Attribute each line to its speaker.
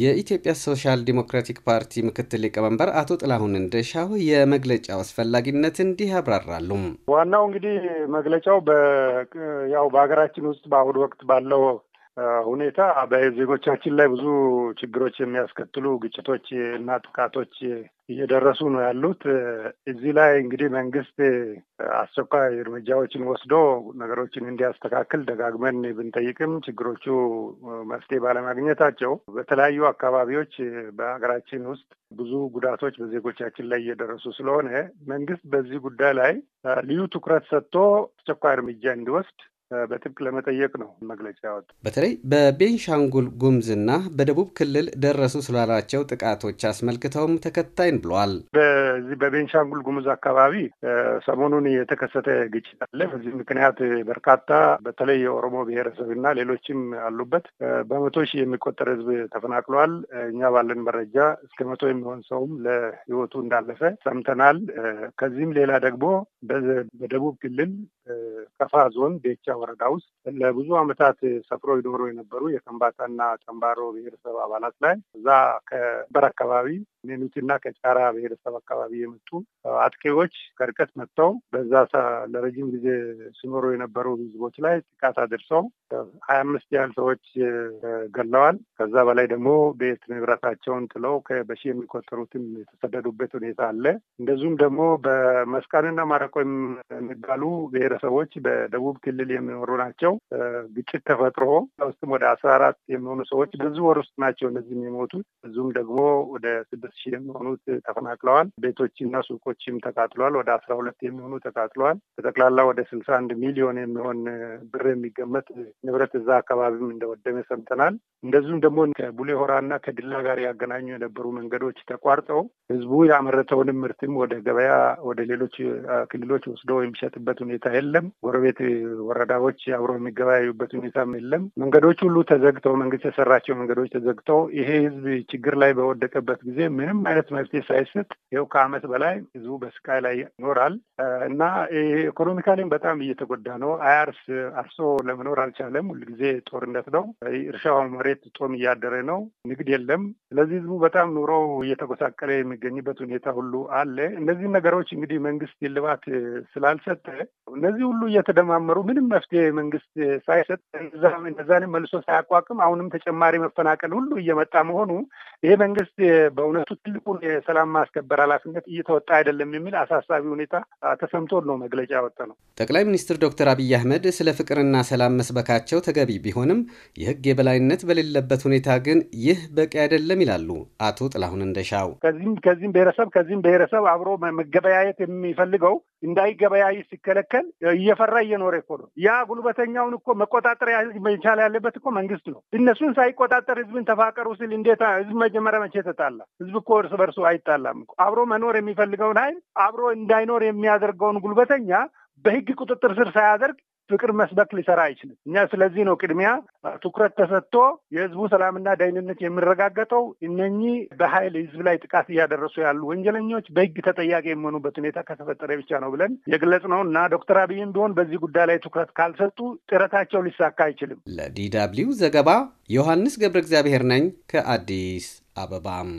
Speaker 1: የኢትዮጵያ ሶሻል ዲሞክራቲክ ፓርቲ ምክትል ሊቀመንበር አቶ ጥላሁን እንደሻው የመግለጫው አስፈላጊነት እንዲህ ያብራራሉ።
Speaker 2: ዋናው እንግዲህ መግለጫው ያው በሀገራችን ውስጥ በአሁኑ ወቅት ባለው ሁኔታ በዜጎቻችን ላይ ብዙ ችግሮች የሚያስከትሉ ግጭቶች እና ጥቃቶች እየደረሱ ነው ያሉት። እዚህ ላይ እንግዲህ መንግስት አስቸኳይ እርምጃዎችን ወስዶ ነገሮችን እንዲያስተካክል ደጋግመን ብንጠይቅም ችግሮቹ መፍትሄ ባለማግኘታቸው በተለያዩ አካባቢዎች በሀገራችን ውስጥ ብዙ ጉዳቶች በዜጎቻችን ላይ እየደረሱ ስለሆነ መንግስት በዚህ ጉዳይ ላይ ልዩ ትኩረት ሰጥቶ አስቸኳይ እርምጃ እንዲወስድ በጥብቅ ለመጠየቅ ነው መግለጫ ያወጡ።
Speaker 1: በተለይ በቤንሻንጉል ጉምዝና በደቡብ ክልል ደረሱ ስላላቸው ጥቃቶች አስመልክተውም ተከታይን ብለዋል።
Speaker 2: በዚህ በቤንሻንጉል ጉምዝ አካባቢ ሰሞኑን የተከሰተ ግጭት አለ። በዚህ ምክንያት በርካታ በተለይ የኦሮሞ ና ሌሎችም አሉበት በመቶ ሺህ የሚቆጠር ህዝብ ተፈናቅሏል። እኛ ባለን መረጃ እስከ መቶ የሚሆን ሰውም ለህይወቱ እንዳለፈ ሰምተናል። ከዚህም ሌላ ደግሞ በደቡብ ክልል ከፋ ዞን ዴቻ ወረዳ ውስጥ ለብዙ ዓመታት ሰፍሮ ይኖሩ የነበሩ የከምባታና ጠንባሮ ብሔረሰብ አባላት ላይ እዛ ከበር አካባቢ ከሚኪና ከጫራ ብሔረሰብ አካባቢ የመጡ አጥቂዎች ከርቀት መጥተው በዛ ለረጅም ጊዜ ሲኖሩ የነበሩ ህዝቦች ላይ ጥቃት አድርሰው ሀያ አምስት ያህል ሰዎች ገለዋል። ከዛ በላይ ደግሞ ቤት ንብረታቸውን ጥለው በሺ የሚቆጠሩትን የተሰደዱበት ሁኔታ አለ። እንደዚሁም ደግሞ በመስቃንና ማረቆ የሚባሉ ብሔረሰቦች በደቡብ ክልል የሚኖሩ ናቸው። ግጭት ተፈጥሮ ውስጥም ወደ አስራ አራት የሚሆኑ ሰዎች በዚህ ወር ውስጥ ናቸው እነዚህም የሞቱት። እዚሁም ደግሞ ወደ ስድስት ሺህ የሚሆኑት ተፈናቅለዋል። ቤቶችና ሱቆችም ተቃጥለዋል። ወደ አስራ ሁለት የሚሆኑ ተቃጥለዋል። በጠቅላላ ወደ ስልሳ አንድ ሚሊዮን የሚሆን ብር የሚገመት ንብረት እዛ አካባቢም እንደወደመ ሰምተናል። እንደዚሁም ደግሞ ከቡሌ ሆራ ና ከድላ ጋር ያገናኙ የነበሩ መንገዶች ተቋርጠው ህዝቡ ያመረተውንም ምርትም ወደ ገበያ ወደ ሌሎች ክልሎች ወስዶ የሚሸጥበት ሁኔታ የለም። ጎረቤት ወረዳዎች አብሮ የሚገበያዩበት ሁኔታም የለም። መንገዶች ሁሉ ተዘግተው መንግስት የሰራቸው መንገዶች ተዘግተው ይሄ ህዝብ ችግር ላይ በወደቀበት ጊዜ ምንም አይነት መፍትሄ ሳይሰጥ ይኸው ከአመት በላይ ህዝቡ በስቃይ ላይ ይኖራል እና ኢኮኖሚካሊም በጣም እየተጎዳ ነው። አያርስ አርሶ ለመኖር አልቻለም። ሁልጊዜ ጦርነት ነው። እርሻው መሬት ጦም እያደረ ነው። ንግድ የለም። ስለዚህ ህዝቡ በጣም ኑሮ እየተጎሳቀለ የሚገኝበት ሁኔታ ሁሉ አለ። እነዚህ ነገሮች እንግዲህ መንግስት ልባት ስላልሰጠ እነዚህ ሁሉ እየተደማመሩ ምንም መፍትሄ መንግስት ሳይሰጥ እነዛንም መልሶ ሳያቋቅም አሁንም ተጨማሪ መፈናቀል ሁሉ እየመጣ መሆኑ ይሄ መንግስት በእውነት ሀገሪቱ ትልቁን የሰላም ማስከበር ኃላፊነት እየተወጣ አይደለም የሚል አሳሳቢ ሁኔታ ተሰምቶ ነው መግለጫ ያወጣ ነው።
Speaker 1: ጠቅላይ ሚኒስትር ዶክተር አብይ አህመድ ስለ ፍቅርና ሰላም መስበካቸው ተገቢ ቢሆንም የህግ የበላይነት በሌለበት ሁኔታ ግን ይህ በቂ አይደለም ይላሉ አቶ ጥላሁን እንደሻው።
Speaker 2: ከዚህም ከዚህም ብሔረሰብ ከዚህም ብሔረሰብ አብሮ መገበያየት የሚፈልገው እንዳይገበያይ ሲከለከል እየፈራ እየኖረ እኮ ነው። ያ ጉልበተኛውን እኮ መቆጣጠር መቻል ያለበት እኮ መንግስት ነው። እነሱን ሳይቆጣጠር ህዝብን ተፋቀሩ ሲል እንዴት ህዝብ መጀመሪያ መቼ ተጣላ? ህዝብ እኮ እርስ በርሱ አይጣላም አብሮ መኖር የሚፈልገውን ኃይል አብሮ እንዳይኖር የሚያደርገውን ጉልበተኛ በህግ ቁጥጥር ስር ሳያደርግ ፍቅር መስበክ ሊሰራ አይችልም። እኛ ስለዚህ ነው ቅድሚያ ትኩረት ተሰጥቶ የህዝቡ ሰላምና ደህንነት የሚረጋገጠው እነኚህ በኃይል ህዝብ ላይ ጥቃት እያደረሱ ያሉ ወንጀለኞች በህግ ተጠያቂ የሚሆኑበት ሁኔታ ከተፈጠረ ብቻ ነው ብለን የግለጽ ነው እና ዶክተር አብይም ቢሆን በዚህ ጉዳይ ላይ ትኩረት ካልሰጡ ጥረታቸው ሊሳካ አይችልም።
Speaker 1: ለዲ ደብልዩ ዘገባ ዮሐንስ ገብረ እግዚአብሔር ነኝ ከአዲስ አበባም